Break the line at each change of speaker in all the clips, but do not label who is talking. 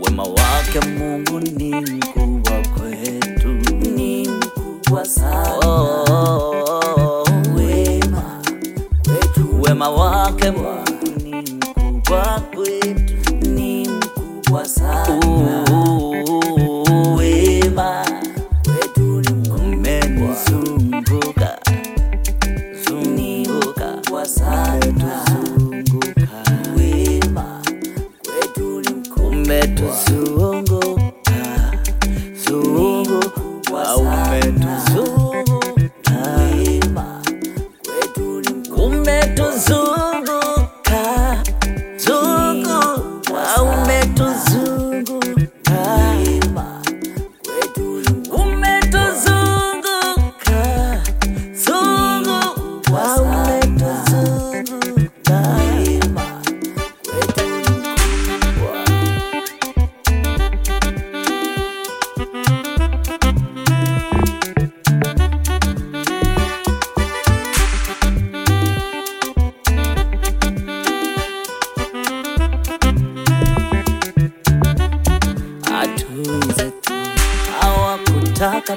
Wema wake Mungu ni mkubwa kwetu, ni mkubwa sana. Oh, oh, oh, oh, oh. Wema kwetu, wema wake Mungu ni mkubwa kwetu, ni mkubwa sana.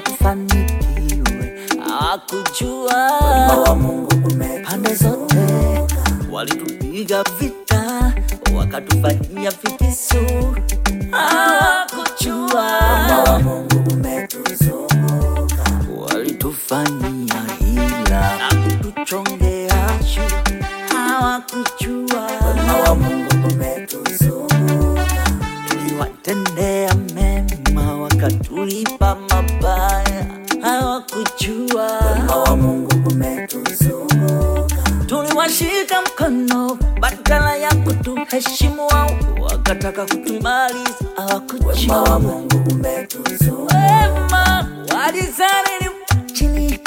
tunataka tufanikiwe, akujua pande zote walitupiga vita, wakatufanyia vitisu, akujua walitufanyia mabaya hawakujua wema wa Mungu umetuzunguka. Tuliwashika mkono badala ya kutuheshimu, wao wakataka kutumaliza, hawakujua wema wa Mungu umetuzunguka. Wema walizani ni chini,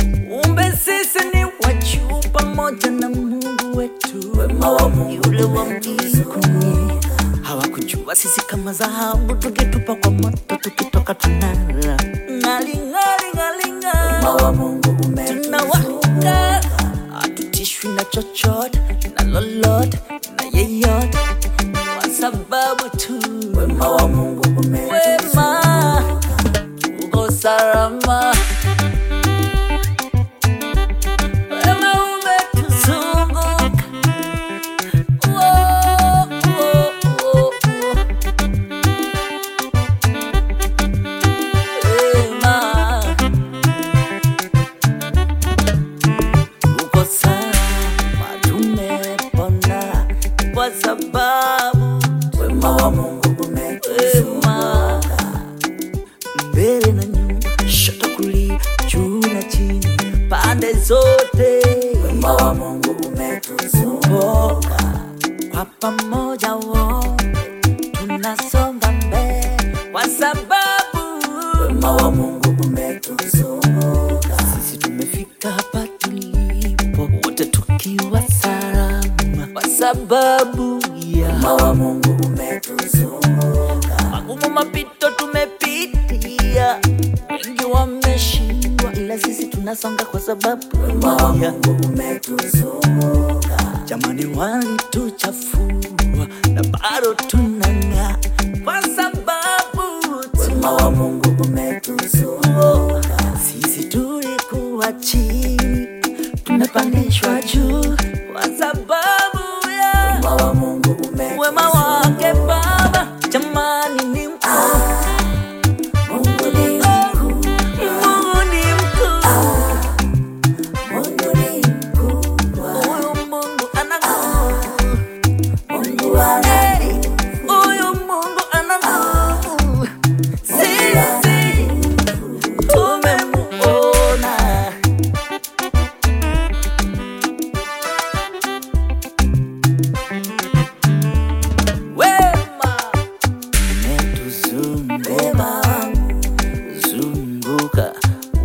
umbe sisi ni wa juu pamoja na Mungu wetu, wema wa Mungu yule wa mbinguni. Hawakujua sisi kama dhahabu tukitupa kwa moto, tukitoka tunala wema wa Mungu umetuzunguka, hatutishwi na chochote na lolote na yeyote, kwa sababu tu wema wa Mungu umetuzunguka, uko salama. kwa pamoja wote tunasonga mbele kwa sababu tumefika hapa tulipo wote tukiwa salama kwa sababu mapito tumepitia, wengi wameshindwa, ila sisi tunasonga kwa sababu wema wa Mungu umetuzunguka. Jamani, wanatuchafua na bado tunanga kwa sababu wema wa Mungu umetuzua. Sisi tulikuwa chini, tumepandishwa juu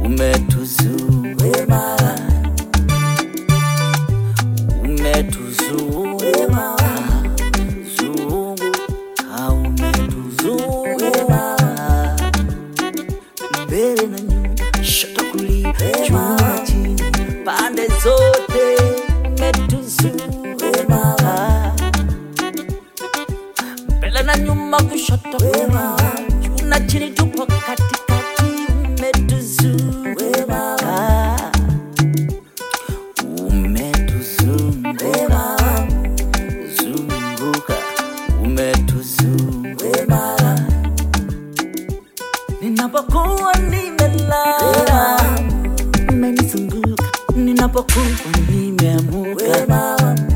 umetuzuka umetuzua umetuzua zuu haumetuzua mbele na nyuma, shoto kulia, juu chini, pande zote umetuzua mbele na nyuma, kushoto kulia, chini, unanisumbuka ninapokuwa nimeamuka